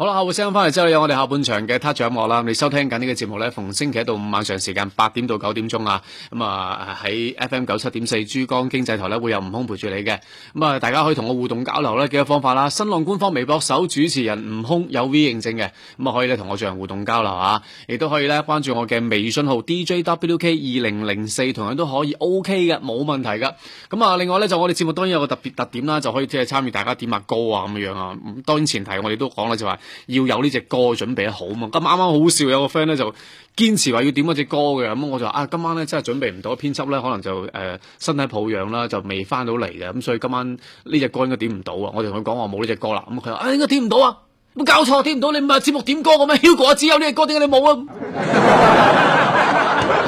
好啦，下部聲音翻嚟之後有我哋下半場嘅特獎樂啦。嗯、你收聽緊呢個節目呢，逢星期一到五晚上時間八點到九點鐘啊。咁、嗯、啊喺 F M 九七點四珠江經濟台呢，會有悟空陪住你嘅。咁、嗯、啊，大家可以同我互動交流呢幾個方法啦。新浪官方微博首主持人悟空有 V 認證嘅，咁、嗯、啊可以呢同我進行互動交流啊。亦都可以呢，關注我嘅微信號 D J W K 二零零四，同樣都可以 O K 嘅，冇、OK、問題噶。咁、嗯、啊，另外呢，就我哋節目當然有個特別特點啦，就可以即係參與大家點下歌啊，咁樣樣啊。當然前提我哋都講啦，就話、是。要有呢隻歌準備好啊嘛！咁啱啱好笑，有個 friend 咧就堅持話要點嗰隻歌嘅，咁我就啊今晚咧真係準備唔到，編輯咧，可能就、呃、身體抱恙啦，就未翻到嚟嘅，咁所以今晚呢隻歌應該點唔到就、嗯、啊！我同佢講話冇呢隻歌啦，咁佢話啊應該點唔到啊！冇搞錯，點唔到你唔係節目點歌咁樣 ，Hugo 只有呢隻歌點解你冇啊！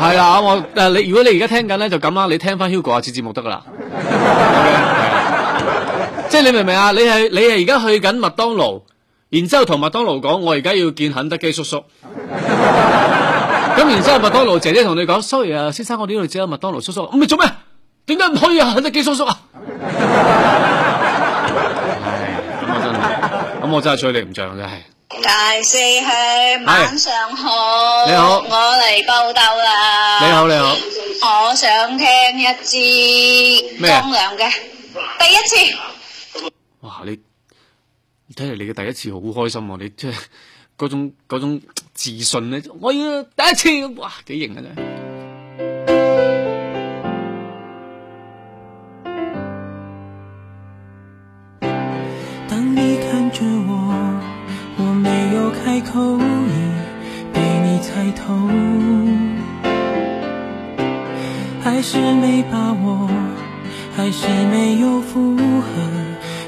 係 啊，我、呃、你如果你而家聽緊咧就咁啦，你聽翻 Hugo 啊一次節目得㗎啦，即係你明唔明啊？你係你係而家去緊麥當勞。然之後同麥當勞講，我而家要見肯德基叔叔。咁然之後麥當勞姐姐同你講 Sorry 啊，先生，我呢度只有麥當勞叔叔，咁你做咩，點解唔可以啊，肯德基叔叔啊？唉，咁我真係，咁我真係處理唔像，真係。第四句，晚上好，我嚟報到啦。你好你好。我想聽一支光良嘅第一次。哇你！睇嚟你嘅第一次好開心啊！你即係嗰種嗰種自信咧，我要第一次哇，幾型啊！啫。當你看着我，我沒有開口，已被你猜透，還是沒把握，還是沒有符合。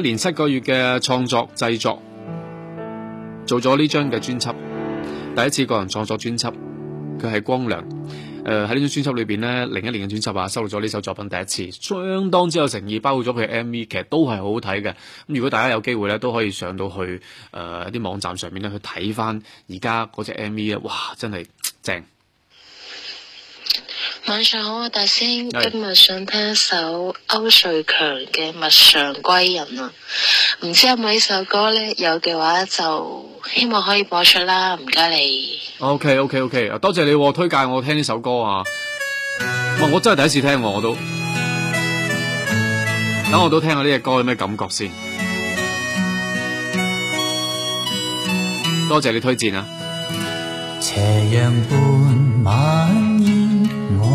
一年七個月嘅創作製作，做咗呢張嘅專輯，第一次個人創作專輯，佢係光良。誒喺呢張專輯裏邊呢，零一年嘅專輯啊，收錄咗呢首作品，第一次相當之有誠意，包括咗佢嘅 MV，其實都係好好睇嘅。咁如果大家有機會呢都可以上到去誒一啲網站上面呢去睇翻而家嗰隻 MV 啊，哇，真係正！晚上好啊，大仙，今日想聽一首歐瑞強嘅《陌上歸人》啊，唔知有冇呢首歌咧？有嘅話就希望可以播出啦，唔該你。OK OK OK，多謝你推介我聽呢首歌啊，哦、我真係第一次聽喎、啊，我都，等我都聽下呢隻歌有咩感覺先，多謝你推薦啊。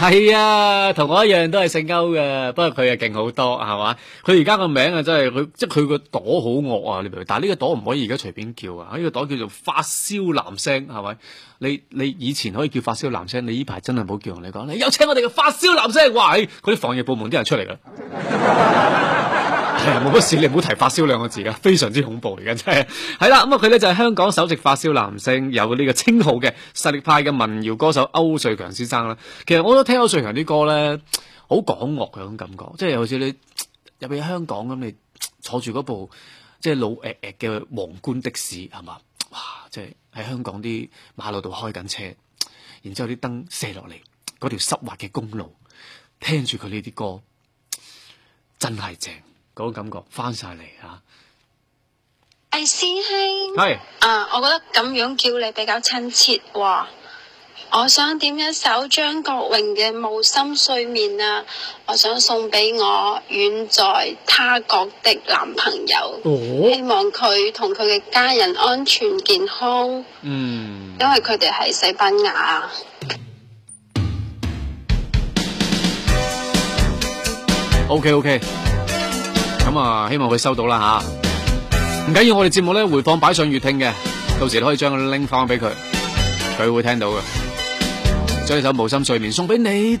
係啊，同我一樣都係姓歐嘅，不過佢啊勁好多，係嘛？佢而家個名啊真係佢，即係佢個朵好惡啊！你明唔明？但係呢個朵唔可以而家隨便叫啊！呢個朵叫做發燒男聲，係咪？你你以前可以叫發燒男聲，你呢排真係冇叫人，你講你有請我哋嘅發燒男聲喂，嗰啲防疫部門啲人出嚟㗎。 冇乜、 哎、事，你唔好提發燒兩個字嘅，非常之恐怖嚟嘅，真係。係 啦，咁、嗯、啊，佢咧就係、是、香港首席發燒男星有呢個稱號嘅實力派嘅民謠歌手歐瑞強先生啦。其實我都聽歐瑞強啲歌咧，好廣樂嘅嗰種感覺，即係好似你入去香港咁，你坐住嗰部即係老爺爺嘅皇冠的士係嘛，哇！即係喺香港啲馬路度開緊車，然之後啲燈射落嚟，嗰條濕滑嘅公路，聽住佢呢啲歌，真係正。嗰感覺翻晒嚟啊，係、哎、師兄。係啊是，uh, 我覺得咁樣叫你比較親切喎。我想點一首張國榮嘅《無心睡眠》啊，我想送俾我遠在他國的男朋友。哦、希望佢同佢嘅家人安全健康。嗯，因為佢哋喺西班牙啊。OK，OK、okay, okay。咁啊，希望佢收到啦吓，唔緊要，我哋節目咧回放，擺上月聽嘅，到時都可以將佢拎翻俾佢，佢會聽到嘅。將呢首無心睡眠送俾你哋。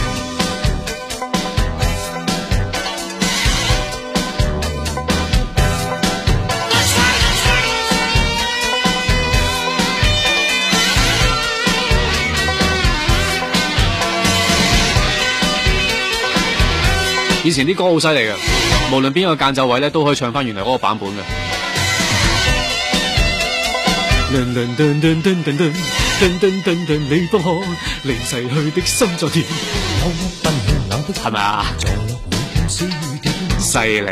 以前啲歌好犀利㗎，無論邊個間奏位咧，都可以唱翻原來嗰個版本嘅。係嘛吧？犀利。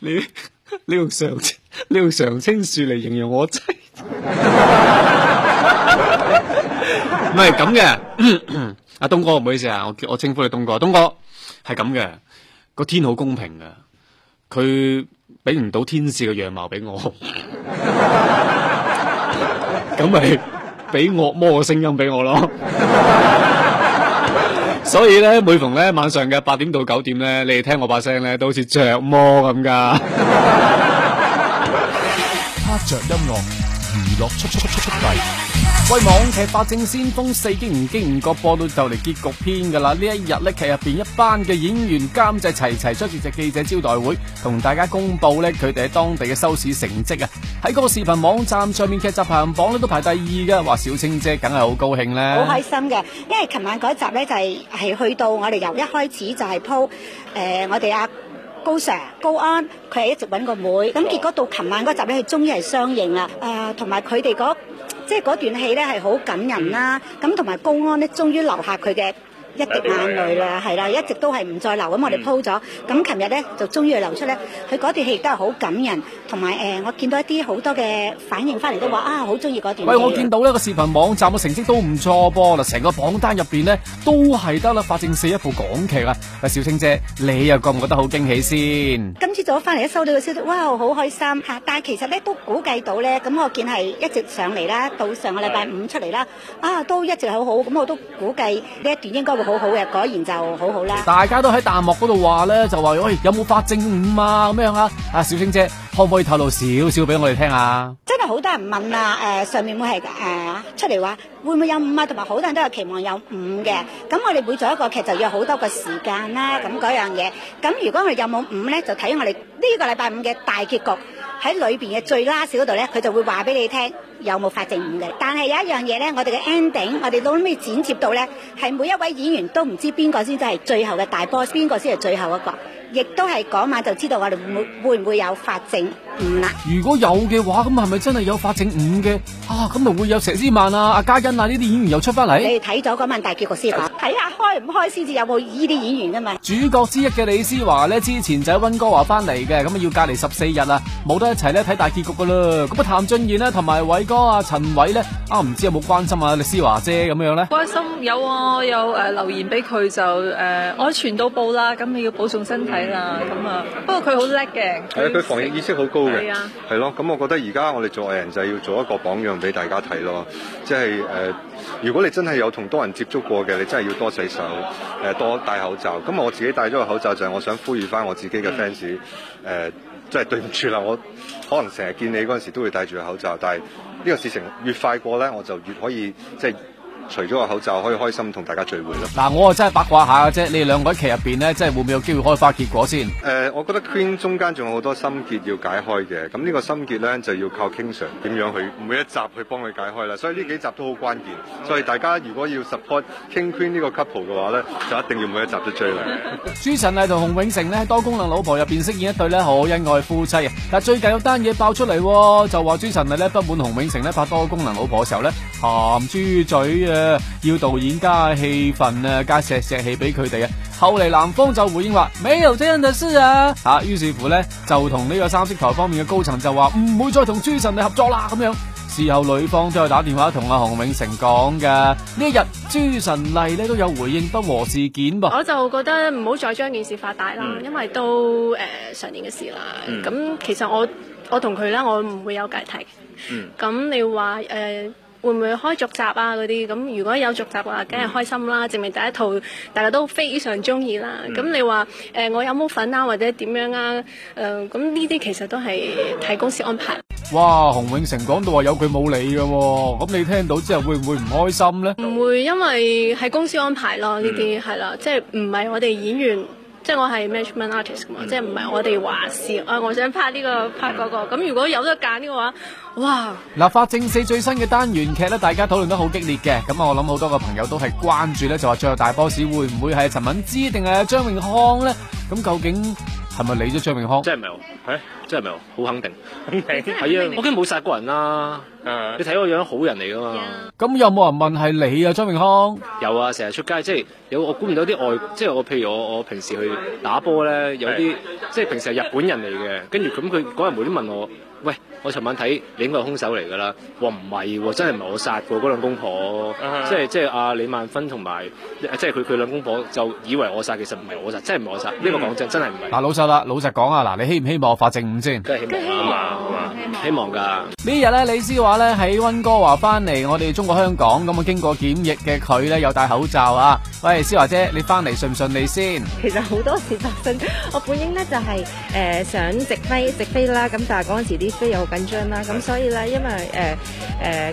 你你用常你用常青樹嚟形容我真係唔係咁嘅。阿東哥唔好意思啊，我我稱呼你東哥，東哥係咁嘅，個天好公平嘅，佢俾唔到天使嘅樣貌俾我，咁咪俾惡魔嘅聲音俾我咯。所以咧，每逢咧晚上嘅八點到九點咧，你哋聽我把聲咧，都好似着魔噉㗎。 喂，網劇《法證先鋒》四經唔經唔覺播到就嚟結局篇噶啦！呢一日咧，劇入邊一班嘅演員監製齊齊出住只記者招待會，同大家公布咧佢哋喺當地嘅收視成績啊！喺個視頻網站上面劇集排行榜咧都排第二噶，話小青姐梗係好高興啦，好開心嘅，因為琴晚嗰一集咧就係、是、係去到我哋由一開始就係鋪，誒，我哋阿、啊、高 Sir 高安佢係一直揾個妹、妹，咁結果到琴晚嗰集咧，佢終於係相認啦！誒、呃，同埋佢哋嗰。即係嗰段戲咧係好感人啦、啊，咁同埋公安咧終於留下佢嘅一滴眼淚啦，係啦，一直都係唔再流咁，我哋鋪咗。咁琴日咧就終於流出咧，佢嗰段戲都係好感人，同埋誒，我見到一啲好多嘅反應翻嚟都話啊，好中意嗰段。喂，我見到呢個視頻網站嘅成績都唔錯噃，嗱，成個榜單入邊咧都係得啦，法證四一部港劇啦。阿小青姐，你又覺唔覺得好驚喜先？今朝早翻嚟一收到個消息，哇，好開心嚇！但係其實咧都估計到咧，咁我見係一直上嚟啦，到上個禮拜五出嚟啦，啊，都一直好好咁，我都估計呢一段應該會。好好嘅，果然就好好啦。大家都喺彈幕嗰度話咧，就話喂、欸，有冇發正五啊？咁樣啊，阿小星姐可唔可以透露少少俾我哋聽下，啊？真係好多人問啊！誒、呃，上面會係誒、呃、出嚟話，會唔會有五啊？同埋好多人都有期望有五嘅。咁我哋每做一個劇，就要好多個時間啦。咁嗰樣嘢，咁如果我哋有冇五咧，就睇我哋呢個禮拜五嘅大結局喺裏邊嘅最 last 嗰度咧，佢就會話俾你聽。有冇法證唔定？但係有一樣嘢咧，我哋嘅 ending，我哋到尾剪接到咧，係每一位演員都唔知邊道個先真係最後嘅大 boss，邊個先係最後一個，亦都係嗰晚就知道我哋會唔會有法證。唔、嗯啊、如果有嘅話，咁係咪真係有法正五嘅啊？咁會唔會有佘詩曼啊、阿嘉欣啊呢啲演員又出翻嚟？你哋睇咗嗰晚大結局先睇下開唔開先至有冇呢啲演員噶嘛？主角之一嘅李思華咧，之前就喺溫哥華翻嚟嘅，咁啊要隔離十四日啦，冇得一齊咧睇大結局噶啦。咁啊，譚俊彥呢，同埋偉哥啊、陳偉咧，啊唔知有冇關心啊李思華姐咁樣咧？關心有啊，有誒、呃、留言俾佢就誒、呃，我傳到報啦，咁你要保重身體啦，咁啊，不過佢好叻嘅，係啊，佢防疫意識好高。係咯，咁、啊、我覺得而家我哋做藝人就係要做一個榜樣俾大家睇咯，即係、呃、如果你真係有同多人接觸過嘅，你真係要多洗手、呃，多戴口罩。咁我自己戴咗個口罩就係我想呼籲翻我自己嘅 fans，即係對唔住啦，我可能成日見你嗰陣時都會戴住個口罩，但係呢個事情越快過呢，我就越可以即係。就是除咗個口罩，可以開心同大家聚會咯。嗱、啊，我啊真係八卦下啫。你哋兩個喺劇入邊咧，即係會唔會有機會開花結果先？誒、呃，我覺得 Queen 中間仲有好多心結要解開嘅。咁呢個心結咧，就要靠 King Sir 點樣去每一集去幫佢解開啦。所以呢幾集都好關鍵。所以大家如果要 support King Queen 呢個 couple 嘅話咧，就一定要每一集都追嚟。朱晨麗同洪永城咧，多功能老婆入邊飾演一對咧，好恩愛夫妻啊。但最近有單嘢爆出嚟，就話朱晨麗咧，不滿洪永城咧拍多功能老婆嘅時候咧。鹹豬嘴啊！要導演加戲份啊，加錫錫戲俾佢哋啊！後嚟男方就回應話沒有這樣的事啊！吓、啊，於是乎呢，就同呢個三色台方面嘅高層就話唔會再同朱晨麗合作啦咁樣。事後女方都係打電話同阿洪永成講噶。呢一日朱晨麗呢都有回應不和事件噃、啊。我就覺得唔好再將件事發大啦，嗯、因為都誒、呃、上年嘅事啦。咁、嗯、其實我我同佢呢，我唔會有芥蒂咁、嗯、你話誒？呃會唔會開續集啊？嗰啲咁如果有續集嘅話，梗係開心啦，證明第一套大家都非常中意啦。咁你話誒，我有冇份啊，或者點樣啊？誒，咁呢啲其實都係睇公司安排。哇！洪永城講到話有佢冇你嘅，咁你聽到之後會唔會唔開心咧？唔會，因為係公司安排咯。呢啲係啦，即係唔係我哋演員。即係我係 management artist 嘛，即係唔係我哋話事啊！我想拍呢個拍嗰個，咁、那個、如果有得揀嘅話，哇！立法正四最新嘅單元劇咧，大家討論得好激烈嘅，咁啊，我諗好多個朋友都係關注咧，就話最後大 boss 會唔會係陳敏之定係張永康咧？咁究竟？係咪你啫張明康？真係咪？誒，真係咪？好肯定，肯定係啊！ 我根本冇殺過人啦。你睇我樣好人嚟噶嘛？咁有冇人問係你啊？張明康有啊！成日出街即係有，我估唔到啲外即係我，譬如我我平時去打波咧，有啲 即係平時係日本人嚟嘅，跟住咁佢嗰日無端問我喂。我尋晚睇，你應該係兇手嚟㗎喇。我話唔係，喎，真係唔係我殺過嗰兩公婆、uh huh.。即係即係阿李萬芬同埋，即係佢佢兩公婆就以為我殺，其實唔係我殺，真係唔係我殺。呢、uh huh. 個講真真係唔係。嗱老實啦，老實講啊，嗱你希唔希望發證唔先？啊、真係希望啦，希望㗎。呢日呢，李思華呢，喺溫哥華返嚟，我哋中國香港咁啊，經過檢疫嘅佢呢，有戴口罩啊。喂，思華姐，你返嚟順唔順利先？其實好多時發生，我本應呢、就係，就、呃、係想直飛直飛啦，咁但係嗰陣時啲飛有。緊張啦，咁所以咧，因為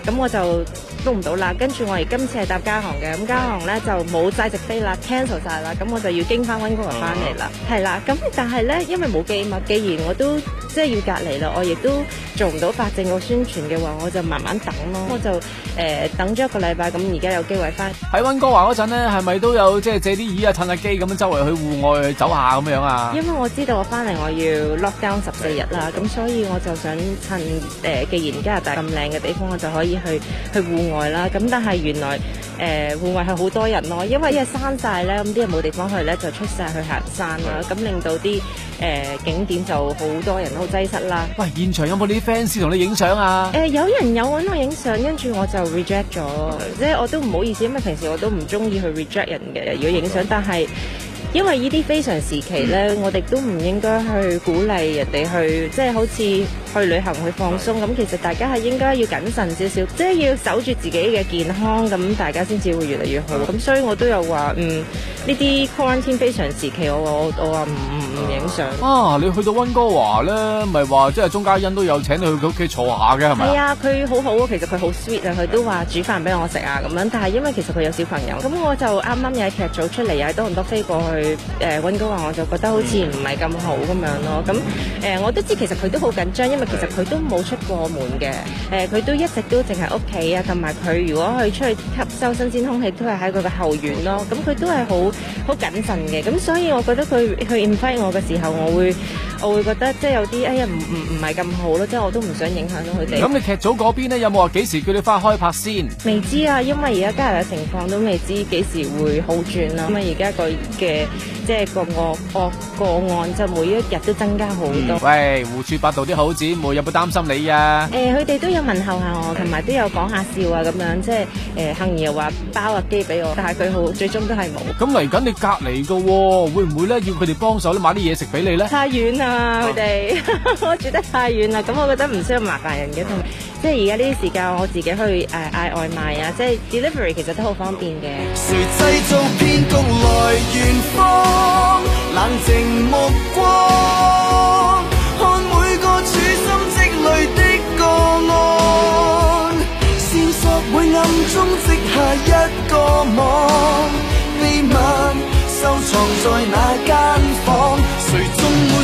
誒誒，咁我就。 都唔到啦，跟住我哋今次係搭加航嘅，咁加航咧就冇晒直飛啦，cancel 曬了啦，咁了我就要經翻溫哥華翻嚟啦。係啦、嗯，咁但係咧，因為冇機啊嘛，既然我都即係要隔離啦，我亦都做唔到發證個宣傳嘅話，我就慢慢等咯。我就、呃、等咗一個禮拜，咁而家有機會翻。喺溫哥華嗰陣咧，係咪都有即係借啲椅啊、趁下機咁樣周圍去戶外走下咁樣啊？因為我知道我翻嚟我要 lock down 十四日啦，咁、嗯、所以我就想趁誒、呃，既然加拿大咁靚嘅地方，我就可以去去戶外。外啦，咁但係原來誒，戶外係好多人咯，因為啲山晒咧，咁啲人冇地方去咧，就出晒去行山啦，咁令到啲誒景點就好多人都擠塞啦。喂，現場有冇啲 fans 同你影相啊？誒，有人有搵我影相，跟住我就 reject 咗，即係我都唔好意思，因為平時我都唔中意去 reject 人嘅，如果影相，但係。因為呢啲非常時期呢，我哋都唔應該去鼓勵人哋去，即係好似去旅行去放鬆。咁其實大家係應該要謹慎少少，即係要守住自己嘅健康，咁大家先至會越嚟越好。咁所以我都有話，嗯，呢啲 quarantine 非常時期，我我我話唔。影相啊！你去到溫哥華咧，咪話即係鍾嘉欣都有請你去佢屋企坐下嘅係咪？係啊，佢好好啊，其實佢好 sweet 啊，佢都話煮飯俾我食啊咁樣。但係因為其實佢有小朋友，咁我就啱啱喺劇組出嚟啊，多倫多飛過去誒溫哥華，我就覺得好似唔係咁好咁樣咯。咁誒、呃，我都知道其實佢都好緊張，因為其實佢都冇出過門嘅。誒、呃，佢都一直都淨係屋企啊，同埋佢如果去出去吸收新鮮空氣，都係喺佢嘅後院咯。咁佢都係好好謹慎嘅，咁所以我覺得佢佢嗰個時候，我會。我會覺得即係有啲哎呀，唔唔唔係咁好咯，即係我都唔想影響到佢哋。咁你劇組嗰邊咧有冇話幾時叫你返開拍先？未知啊，因為而家加拿大情況都未知幾時會好轉啦。咁啊而家個嘅即係個惡個個案，就每一日都增加好多。喂，胡說八道啲好子，冇有冇擔心你啊？誒，佢哋都有問候下我，同埋都有講下笑啊，咁樣即係誒幸而又話包啊機俾我，但係佢好最終都係冇。咁嚟緊你隔籬噶，會唔會咧要佢哋幫手咧買啲嘢食俾你咧？太遠啊。佢哋我住得太遠啦，咁我覺得唔需要麻煩人嘅，同埋即係而家呢啲時間我自己去誒，嗌外賣啊，即係 delivery 其實都好方便嘅。誰製造騙局來遠方，冷靜目光看每個處心積慮的個案，線索會暗中織下一個網，秘密收藏在那間房，誰終會